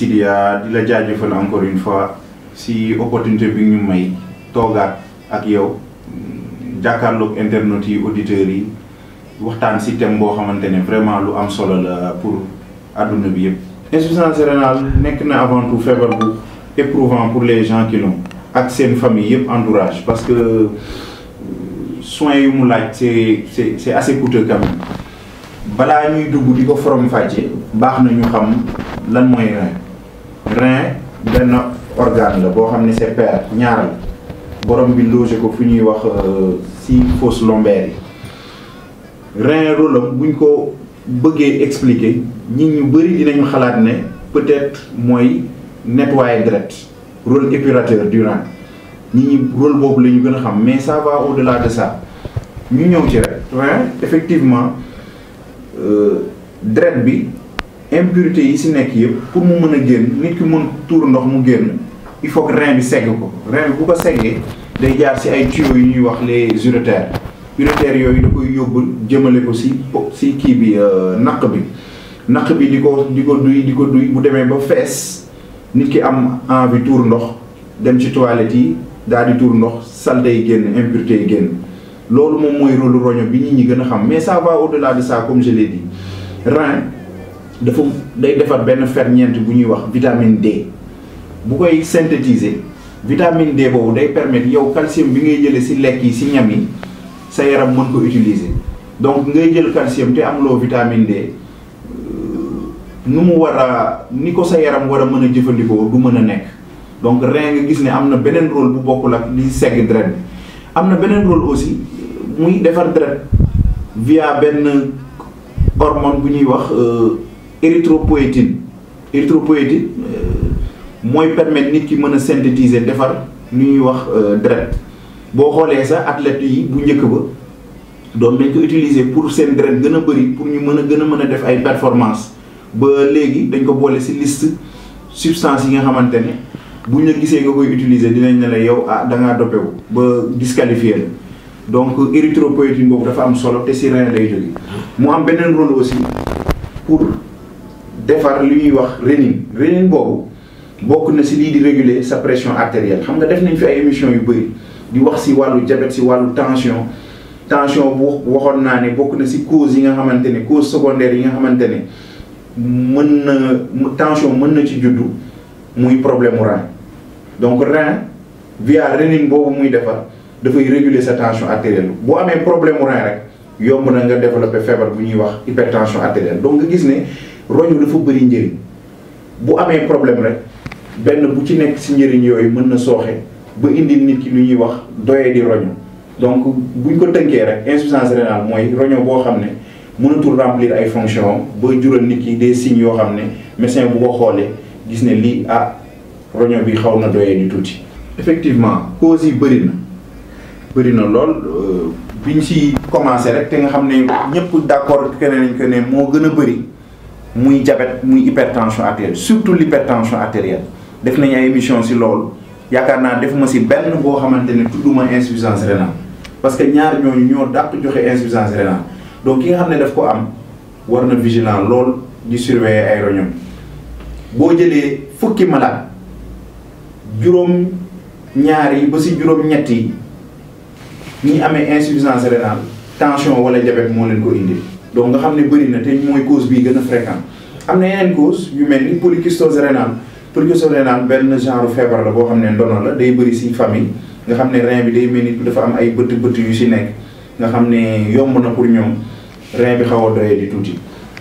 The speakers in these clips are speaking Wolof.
Sidia di la jaajëfal encore une fois si opportunité bi ñu may toogaat ak yow jàkkaarloog internet yi auditeurs yi waxtaan ci thème bo xamantene vraiment lu am solo la pour aduna bi yëpp. insuffisance rénale nek na avant tout feebar bu éprouvant pour les gens qui l'ont ak seen famille yëpp entourage parce que soins yu mu laaj c'est c'est c'est assez coûteux quand même balaa ñuy dugg di ko forom fàcce baax na ñu xam lan mooy rein ben organe la bo xam c'est père ñaar borom bi logé ko fi ñuy wax euh, si fosse lombaire rein rôle buñ ko bëggee expliquer nit ñu bari dinañu xalaat né peut-être moy nettoyer deret rôle épurateur du rein nit ñi rôle bobu lañu gëna xam mais ça va au-delà de ça ñu ñëw ci rek rein effectivement euh deret bi impurité yi si nekk yëpp pour mu mën a génn nit ki mën tour ndox mu génn il faut que rein bi segg ko rein bi bu ko seggee day jaar si ay tuyaux yu ñuy wax les uretères uretères yooyu da koy yóbbu jëmale ko si si kii bi euh, naq bi naq bi di ko di ko duy di ko duy bu demee ba fees nit ki am envie tuur ndox dem ci toilette yi daal di tuur ndox salte yi génn impurité yi génn loolu moom mooy rôle roño bi nit ñi gën a xam mais ça va au-delà de ça comme je rein dafa day defar benn ferñeent bu ñuy wax vitamine D bu koy synthétiser vitamine D boobu day permettre yow calcium bi ngay jëlee si lekk yi si ñam yi sa yaram mën ko utiliser donc ngay jël calcium te amuloo vitamine D euh, nu mu ni ko sa yaram war a mën a du mën a donc rein nga gis ne am na beneen rôle bu bokkul ak li segg deret bi am rôle aussi muy defar deret via benn hormone bu ñuy wax. Euh, érythropoétine érythropoétine euh, moy permettre nit ki mëna synthétiser défar nu ñuy wax euh, deret bo xolé sa athlète yi bu ñëk ba doon nañ ko utiliser pour sen deret gëna a bëri pour ñu mëna a mëna def ay performance ba légui dañ ko bolé si liste substance yi nga xamantene bu ñu gisé nga koy utiliser dinañ ne la yow ah da dopé wu ba disqualifié donc érythropoétine bobu dafa am solo té ci rien lay jóge mu am benen rôle aussi pour defar lui ñuy wax renin renin bobu bokk na ci li di réguler sa pression artérielle xam nga def nañ fi ay émission yu bëri di wax si walu diabète si walu tension tension bu waxon naa ne bokk na si cause yi nga xamante ne cause secondaire yi nga xamante ne mën na tension mën na ci juddu muy problème mu rein donc rein via renin boobu muy defar dafay réguler sa tension artérielle bu amee problème mu rein rek yomb na nga développer feebar bu ñuy wax hypertension artérielle donc nga gis ne roñu dafa bëri njëriñ bu amee problème rek benn bu ci nekk si njëriñ yooyu mën na sooxe ba indi nit ki lu ñuy wax doye di roñu donc buñ ko tënkee rek insuffisance rénale mooy roño boo xam ne mënatul remplir ay fonction ba jural nit ki des signes yoo xam ne médecin bu ko xoolee gis ne lii ah roño bi xaw na doyee di tuuti. effectivement causes yi bëri na bëri na lool euh, biñ ci commencé rek te nga xam ne ñëpp d'accord que ne nañ que ne moo gën a bëri muy diabète muy hypertension artérielle surtout l'hypertension artérielle def nañ ay émission ci lool yaakaar naa def ma ci benn boo xamante ne tudduma insuffisance rénale parce que ñaar ñooñu ñoo dàq joxe insuffisance rénale donc ki nga xam ne daf ko am war na vigilant lool di surveiller ay roñom boo jëlee fukki malade juróom ñaar yi ba ci juróom ñett yi ñi amee insuffisance rénale tension wala diabète moo leen ko indi donc nga xam ne bëri na te mooy cause bii gën a fréquent am na yeneen cause yu mel ni polycystose rénale polycystose rénale benn genre feebar la boo xam ne ndono la day bëri si famille nga xam ne rein bi day mel ni dafa am ay bëtt bëtt yu si nekk nga xam ne yomb na pour ñoom rein bi xaw a doyee di tuuti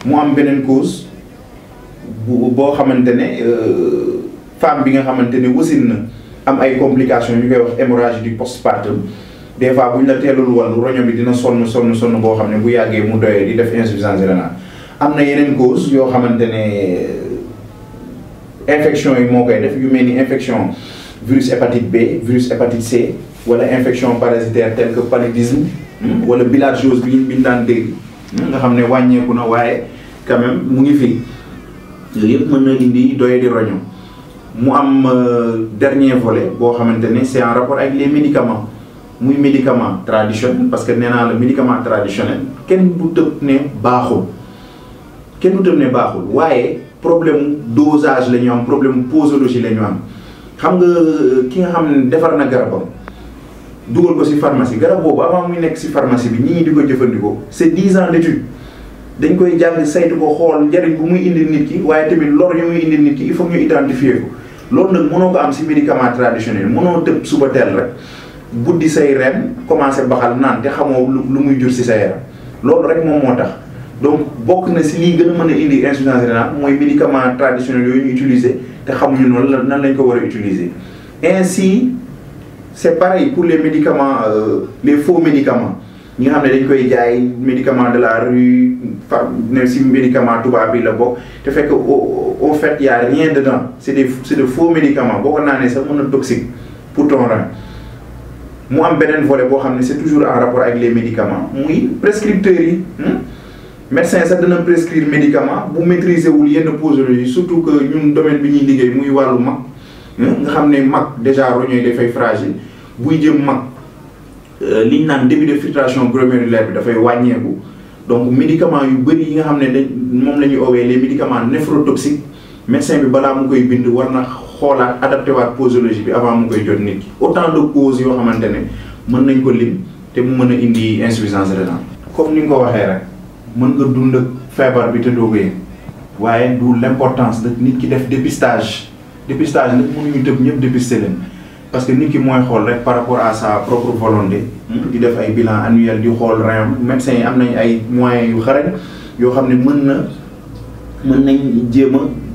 mu am beneen cause bu boo xamante ne euh, femme bi nga xamante ne wasin na am ay complications ñu koy wax hémorragie du postpartum des fois buñ la teelul won roño bi dina sonn sonn sonn bo xamné ne bu yàggee mu doyee di def insuffisance rénale amna yenen yeneen cause yoo euh, infection yi moo koy def yu melni infection virus hépatite B virus hépatite C wala infection parasitaire telle que paludisme hmm, wala bilharziose bi ñu daan dégg hmm, nga xamné ne wàññeeku na quand même mu ngi fi yooyu yëpp mën na indi doye di roño mu am euh, dernier volet bo xamante c'est en rapport avec les médicaments muy médicament traditionnel parce que nee naa la médicament traditionnel kenn du tëb ne baaxul kenn du tëb ne baaxul waaye problème dosage la ñu am problème posologie la ñu am xam nga euh, ki nga xam ne defar na garabam dugal ko ci pharmacie garab boobu avant muy nekk si pharmacie bi ñi ñi di ko jëfandikoo c'est dix ans d'étude dañ koy jàng saytu ko xool njariñ bu muy indi nit ki waaye tamit lor yooyu muy indi nit ki il faut ñu identifier ko loolu nag mënoo ko am ci médicament traditionnel mënoo tëb suba teel rek buddi say reen commencé baxal naan te xamoo lu muy jur si sa yaram loolu rek moom moo tax donc bokk na si lii gën a mën a indi insuffisance rénale mooy médicament traditionnel yooyu ñu utiliser te xamuñu noonu la nan lañ ko war a utiliser ainsi c'est pareil pour les médicaments euh, les faux médicaments ñi nga xam ne dañ koy jaay médicament de la rue fa ne si médicament tubaab bi la bokk te fekk au fait y a rien dedans c'est des c'est de faux médicaments boo ko naanee sax mën a toxique pour ton rein mu am beneen volet boo xam c'est toujours en rapport avec les médicaments oui prescripteur yi hmm? médecin ça donne prescrire vous maîtrisez maîtriser lien de posologie surtout que ñun domaine bi ñuy liggéey muy wàllu mag hmm? nga xam ne déjà rogné dafay fragile fragiles jëm de mac euh, ñu naan début de filtration glomérulaire de dafay wàññeeku donc médicament yu bari yi nga xamné mom dañ owé les médicaments néphrotoxiques médecin bi bala mu koy bind war na xoolaat adapté waat posologie bi avant mu koy jot nit ki autant de causes yoo xamante ne mën nañ ko lim te mu mën indi insuffisance rénale comme ni nga ko waxee rek mën nga dund ak feebar bi te doo ko yëg l'importance de nit ki def dépistage dépistage nag mënuñu tëb ñëpp dépister leen parce que nit ki mooy xool rek par rapport à sa propre volonté di def ay bilan annuel di xool rayon médecins yi am nañ ay moyens yu xarañ yoo xam na mën nañ jéem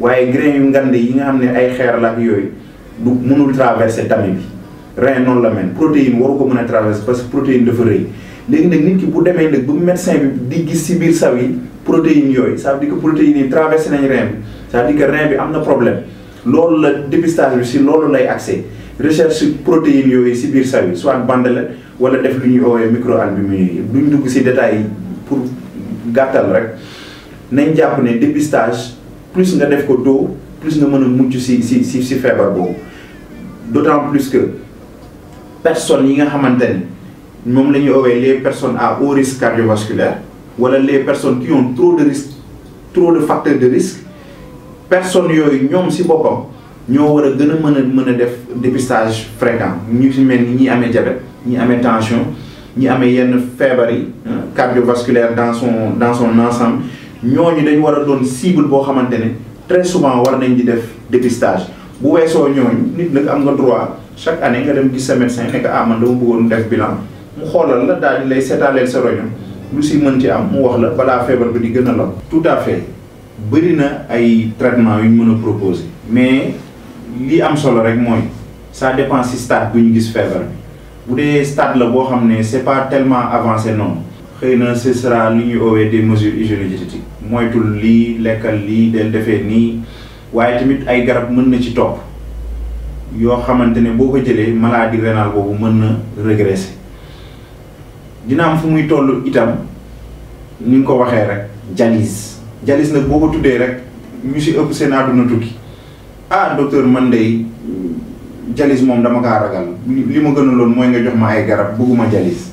waaye grain yu ngande yi nga xam ne ay xeer la ak yooyu du mënul traverser tami bi rein noonu la mel protéine waru ko mën a traverser parce que protéine dafa rëy léegi nag nit ki bu demee nag bu médecin bi di gis si biir saw yi protéine yooyu sa veut dire que protéines yi traversé nañ rein bi ça veut rein bi am na problème loolu la dépistage bi si loolu lay accès recherche protéines yooyu si biir saw yi soit bande la wala def lu ñuy woowee microalbuminurie yi duñ dugg si détails yi pour gàttal rek nañ jàpp ne dépistage plus nga def ko doo plus nga mën muccu ci ci si si d'autant plus que personne yi nga xamante ni lañu owé les personnes à haut risque cardiovasculaire wala les personnes qui ont trop de risque trop de facteurs de risque Personne yoy ñom ci bopam ñoo wara gëna mëna mëna def dépistage fréquent ñu ci mel ni ñi amé diabète ñi amé tension ñi amé yenn feebar euh, cardiovasculaire dans son dans son ensemble ñooñu dañu war a doon cible boo xamante ne très souvent war nañ di def dépistage bu weesoo ñooñu nit nag am nga droit chaque année nga dem gis sa médecin ne ko ah man dama bëggoon def bilan mu xoolal la daal di lay seetaaleel sa roño lu si mën ci am mu wax la balaa feebar bi di gën a la tout à fait bëri na ay traitement yu ñu mën a proposer mais li am solo rek mooy ça dépend si stade bu ñu gis feebar bi bu dee stade la boo xam ne c'est pas tellement avancé noonu xëy na ce sera lu ñuy oowee des mesures hygiéno-diététiques moytul lii lekkal lii del defee nii waaye tamit ay garab mën na ci topp yoo xamante ne boo ko jëlee maladie rénale boobu mën na régresser dina am fu muy toll itam ni nga ko waxee rek jalis jalis nag boo ko tuddee rek ñu si ëpp seen àdduna tukki ah docteur man day jalis moom dama kaa ragal li ma gën a loon mooy nga jox ma ay garab bëgguma jalis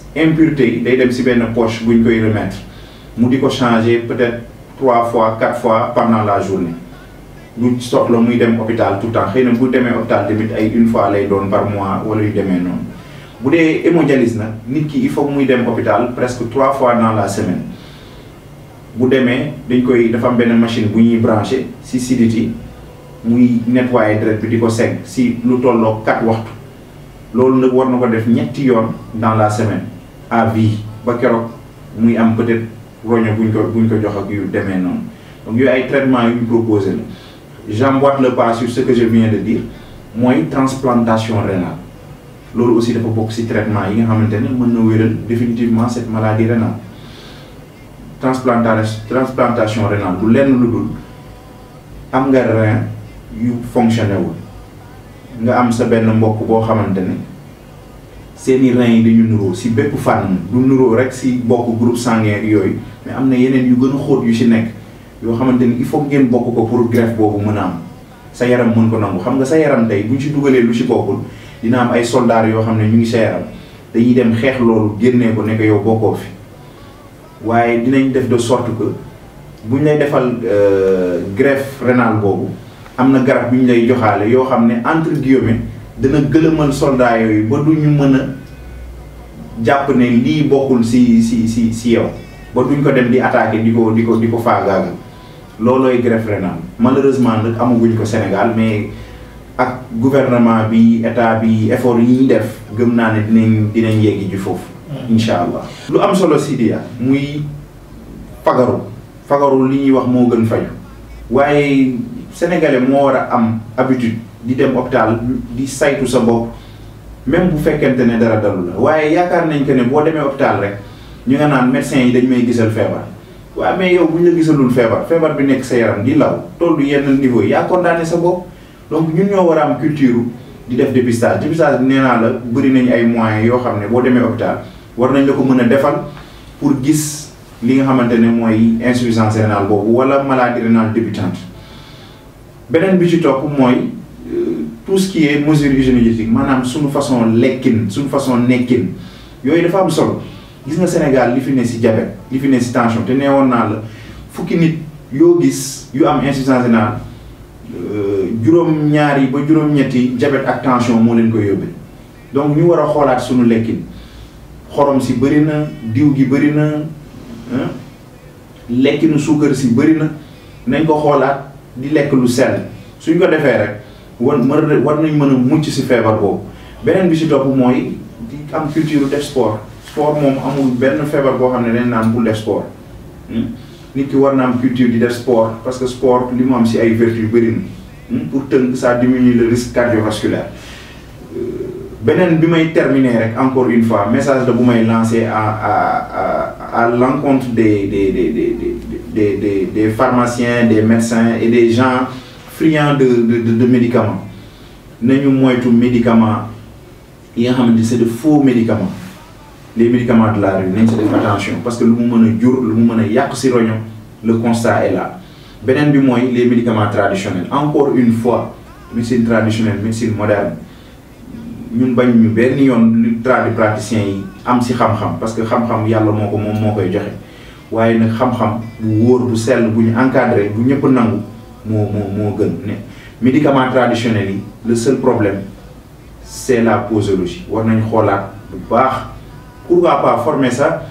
impureté yi day dem ci ben poche buñ koy remettre mu diko changer peut-être 3 fois 4 fois pendant la journée du soxla muy dem hôpital tout temps xeyna bu démé hôpital tamit ay une fois lay doon par mois wala yu démé non bu dé hémodialyse nag nit ki il faut muy dem hôpital presque 3 fois dans la semaine bu démé dañ koy dafa am benn machine bu ñuy branché si sidit muy nettoyer direct bi di ko si lu tolloo 4 waxtu lolou nak war na ko def ñetti yoon dans la semaine à vie ba keroog muy am peut-être roño buñ ko buñ ko jox ak yu demee donc yooyu ay traitement yu ñu proposé j'emboîte le pas sur ce que je viens de dire Moi, transplantation rénale loolu aussi dafa bokk ci traitement yi nga xamante ne mën définitivement cette maladie rénale transplantation transplantation rénale du lenn nous dul am nga rein yu fonctionné wul nga am sa benn mbokk boo xamante seeni reins yi dañu nuroo si bépp fànn du nuróo rek si bokk groupe sanguin yooyu mais am na yeneen yu gën a xóot yu si nekk yoo xamante ni il faut ngeen bokk ko pour greffe boobu mën a am sa yaram mën ko nangu xam nga sa yaram tey buñ si dugalee lu si bokkul dina am ay soldats yoo xam ne ñu ngi sa yaram dañuy dem xeex loolu génnee ko nekk yow bokkoo fi waaye dinañ def de sorte que buñ lay defal euh, greffe rénale boobu am na garab bu ñu lay joxaale yoo xam ne entre guillemets dana gëlëmal soldat yooyu ba du ñu mën a jàpp ne lii bokkul si si si si yow ba duñ ko dem di attaqué di ko di ko di ko faagaagal loolooy greffe rénale malheureusement nag amaguñ ko Sénégal mais ak gouvernement bi état bi effort yi ñuy def gëm naa ne dinañ dinañ yeggi ji foofu. Mm. incha allah lu am solo Sidiya muy fagaru fagaru li ñuy wax moo gën faju waaye sénégalais moo war a am habitude. di dem hôpital di saytu sa bopp même bu fekkente ne dara dalu la waaye yaakaar nañ que ne boo demee hôpital rek ñu nga naan médecin yi dañ may gisal feebar waaw mais yow bu ñu la gisalul feebar feebar bi nekk sa yaram di law tollu yenn niveau yaa condamné sa bopp donc ñun ñoo war a am culture di def dépistage dépistage bi nee naa la bëri nañu ay moyens yoo xam ne boo demee hôpital war nañ la ko mën a defal pour gis li nga xamante ne mooy insuffisance rénale wala maladie rénale débutante beneen bi ci topp mooy. tout ce qui est mesure hygiénique manam une façon lekkin une façon nekkin dafa am solo gis nga Sénégal li fi ne si diabète li fi ne tension té néwon na la fukki nit yo gis yu am de euh ñaar ba ñetti diabète ak tension mo leen koy yobé. donc ñu wara xolaat sunu suñu xorom si des na gi na hein? sucre si nañ ko di qui lu sel. suñ ko défé rek war mën war nañ mën a mucc si feebar boobu beneen bi si topp mooy di am culture def sport sport moom amul benn feebar boo xam ne dañ naan bul def sport hmm? nit ki war na am culture di def sport parce que sport li mu am si ay vertu bëri na hmm? pour tënk ça diminue le risque cardiovasculaire euh, beneen bi may terminer rek encore une fois message la bu may lancer à à à à l'encontre des des des des des des des pharmaciens des médecins et des gens friand de de de médicaments nañu moytu médicaments yi nga c'est de faux médicaments les médicaments de la rue nañ si attention parce que lu moment mën a le lu mu mën si le constat est là Benen bi mooy les médicaments traditionnels encore une fois médecine traditionnelle médecine moderne ñun bañ ñu benn yoon lu tradi praticien yi am si xam-xam parce que xam-xam yàlla moo ko moom moo koy joxe waaye nag xam-xam bu wóor bu sel, bu ñu encadré bu ñëpp nangu les médicaments traditionnels, médicament traditionnel le seul problème c'est la posologie war nañ xoolaat bu baax pourquoi pas former ça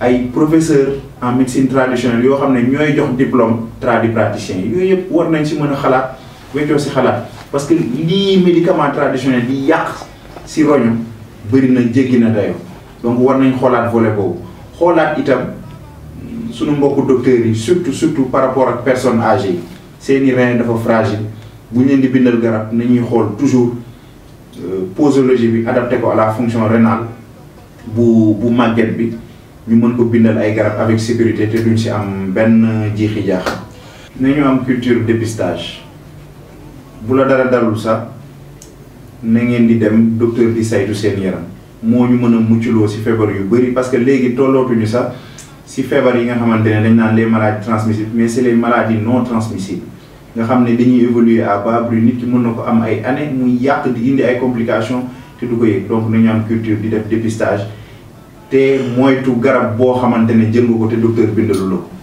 ay professeur en médecine traditionnelle yoo xam ne ñooy jox diplôme tradipraticien praticien. yooyu war nañ a xalaat weccoo parce que les médicament traditionnel di yàq si roño bëri na jéggi Donc on donc war nañ xoolaat volet boobu xoolaat itam sunu de docteurs surtout surtout par rapport aux personnes âgées seeni rein dafa fragile bu ñu leen di bindal garab nañuy xool toujours euh, posologie bi adapté ko à la fonction rénale bu bu màgget bi ñu mën ko bindal ay garab avec sécurité te duñ si am benn jiixi jaax nañu am culture dépistage bu la dara dalul sa na ngeen di dem docteur di saytu seen yaram moo ñu mën a muccloo si feebar yu bëri parce que léegi tollootuñu sa si feebar yi nga xamante ne dañ naan les maladies transmissibles mais c'est les maladies non transmissibles nga xam ne dañuy évoluer à bas bruit nit ki mën na ko am ay années muy yàq di indi ay complications te du ko yëg donc nañu am culture di def dépistage te moytu garab boo xamante ne jël nga ko te docteur bindalu la ko.